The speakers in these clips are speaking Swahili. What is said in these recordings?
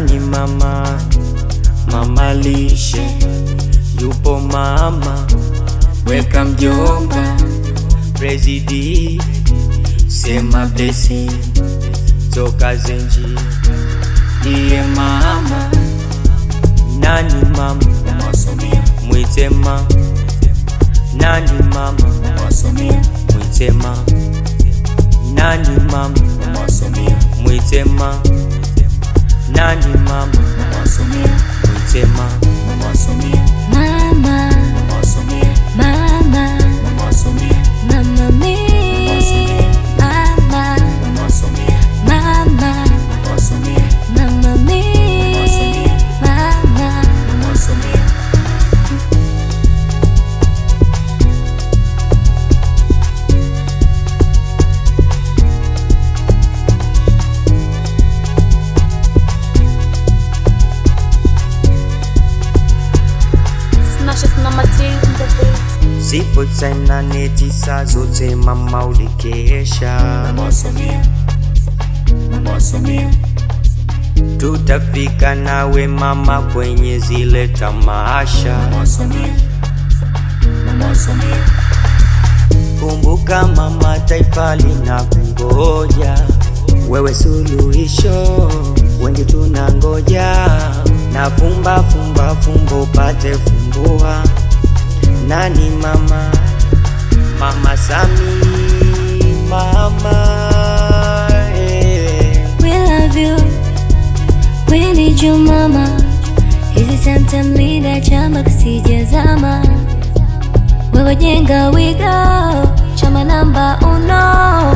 nyumbani mama, mama lishe yupo mama, weka mjomba prezidi, sema besi, toka Zenji, iye mama nani mama, mwite mama nani mama, mwite mama nani mama, mwite mama nanyi mama mwasema mwitema Zipo time na neti saa zote mama ulikesha, Mama Samia, Mama Samia, tutafika nawe mama kwenye zile tamasha, Mama Samia, Mama Samia, kumbuka mama taifa linakungoja wewe, suluhisho wengi tunangoja na fumba fumba fumbo pate fumbua. Nani mama Mama Sami mama, hey. Eh. We love you, we need you mama, hizi samtam lida chama kisijazama, wewe jenga go chama namba uno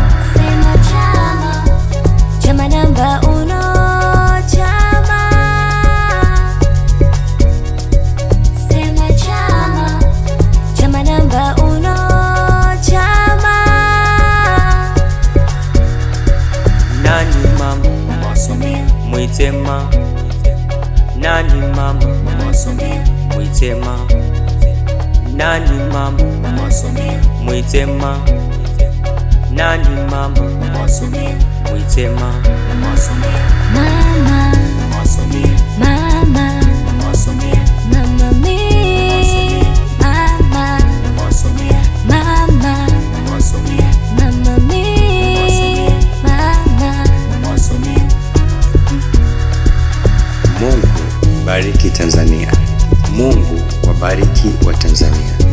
Mwitema nani mama mama Samia Mwitema nani mama mama Samia Mwitema nani mama mama Samia Mwitema mama Samia mama Bariki Tanzania. Mungu wabariki wa Tanzania.